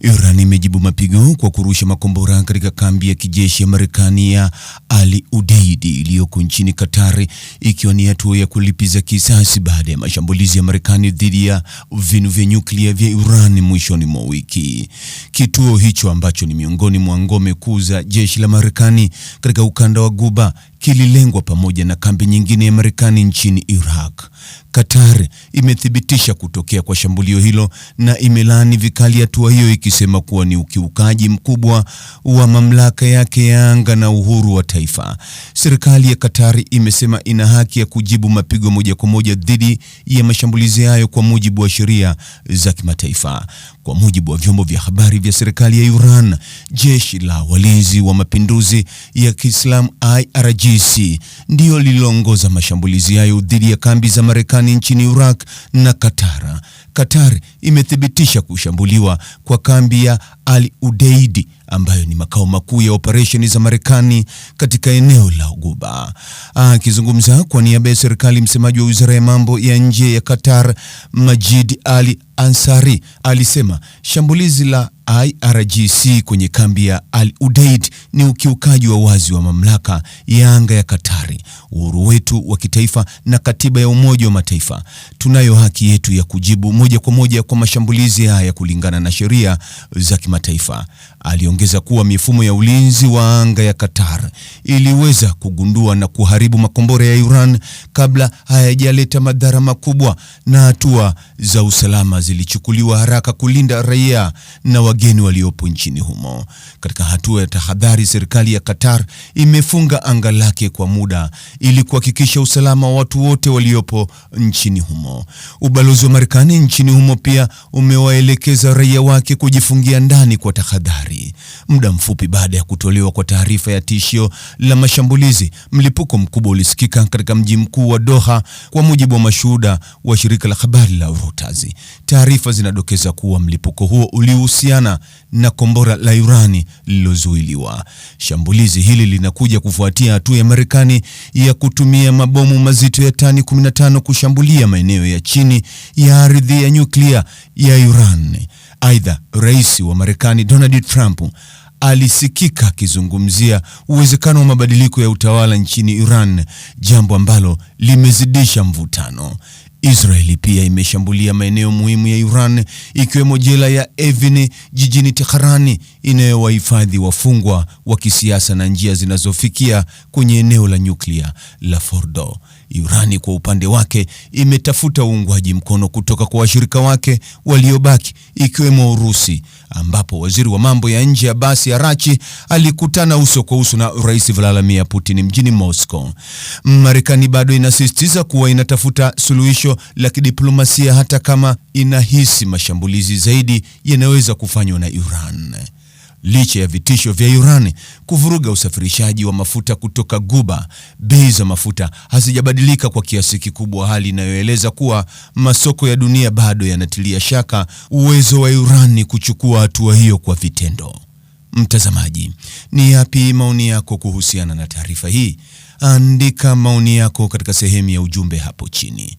Iran imejibu mapigo kwa kurusha makombora katika kambi ya kijeshi ya Marekani ya Ali Udeid iliyoko nchini Qatar, ikiwa ni hatua ya kulipiza kisasi baada ya mashambulizi ya Marekani dhidi ya vinu vya nyuklia vya Iran mwishoni mwa wiki. Kituo hicho ambacho ni miongoni mwa ngome kuu za jeshi la Marekani katika ukanda wa guba kililengwa pamoja na kambi nyingine ya Marekani nchini Iraq. Qatar imethibitisha kutokea kwa shambulio hilo na imelaani vikali hatua hiyo ikisema kuwa ni ukiukaji mkubwa wa mamlaka yake ya anga na uhuru wa taifa. Serikali ya Qatar imesema ina haki ya kujibu mapigo moja kwa moja dhidi ya mashambulizi hayo kwa mujibu wa sheria za kimataifa. Kwa mujibu wa vyombo vya habari vya serikali ya Iran, jeshi la walinzi wa mapinduzi ya Kiislamu IRG GC ndiyo lililoongoza mashambulizi hayo dhidi ya kambi za Marekani nchini Iraq na Qatar. Qatar imethibitisha kushambuliwa kwa kambi ya Al-Udeid ambayo ni makao makuu ya operesheni za Marekani katika eneo la Ghuba. Akizungumza kwa niaba ya serikali, msemaji wa Wizara ya Mambo ya Nje ya Qatar, Majid Ali Ansari, alisema shambulizi la IRGC kwenye kambi ya Al Udeid ni ukiukaji wa wazi wa mamlaka ya anga ya Katari, uhuru wetu wa kitaifa na katiba ya Umoja wa Mataifa. Tunayo haki yetu ya kujibu moja kwa moja kwa mashambulizi haya kulingana na sheria za kimataifa. Aliongeza kuwa mifumo ya ulinzi wa anga ya Qatar iliweza kugundua na kuharibu makombora ya Iran kabla hayajaleta madhara makubwa na hatua za usalama zilichukuliwa haraka kulinda raia na wageni waliopo nchini humo. Katika hatua ya tahadhari, serikali ya Qatar imefunga anga lake kwa muda ili kuhakikisha usalama wa watu wote waliopo nchini humo. Ubalozi wa Marekani nchini humo pia umewaelekeza raia wake kujifungia ndani kwa tahadhari. Muda mfupi baada ya kutolewa kwa taarifa ya tishio la mashambulizi, mlipuko mkubwa ulisikika katika mji mkuu wa Doha, kwa mujibu wa mashuhuda wa shirika la habari la Reuters. Taarifa zinadokeza kuwa mlipuko huo ulihusiana na kombora la Irani lililozuiliwa. Shambulizi hili linakuja kufuatia hatua ya Marekani ya kutumia mabomu mazito ya tani 15 kushambulia maeneo ya chini ya ardhi ya nyuklia ya Iran. Aidha, Rais wa Marekani Donald Trump alisikika akizungumzia uwezekano wa mabadiliko ya utawala nchini Iran, jambo ambalo limezidisha mvutano. Israeli pia imeshambulia maeneo muhimu ya Iran ikiwemo jela ya Evin jijini Tehran inayowahifadhi wafungwa wa kisiasa na njia zinazofikia kwenye eneo la nyuklia la Fordo. Iran kwa upande wake imetafuta uungwaji mkono kutoka kwa washirika wake waliobaki ikiwemo Urusi, ambapo waziri wa mambo ya nje Abbas Arachi alikutana uso kwa uso na Rais Vladimir Putin mjini Moscow. Marekani bado inasisitiza kuwa inatafuta suluhisho la kidiplomasia hata kama inahisi mashambulizi zaidi yanaweza kufanywa na Iran. Licha ya vitisho vya Iran kuvuruga usafirishaji wa mafuta kutoka Guba, bei za mafuta hazijabadilika kwa kiasi kikubwa, hali inayoeleza kuwa masoko ya dunia bado yanatilia shaka uwezo wa Iran kuchukua hatua hiyo kwa vitendo. Mtazamaji, ni yapi maoni yako kuhusiana na taarifa hii? Andika maoni yako katika sehemu ya ujumbe hapo chini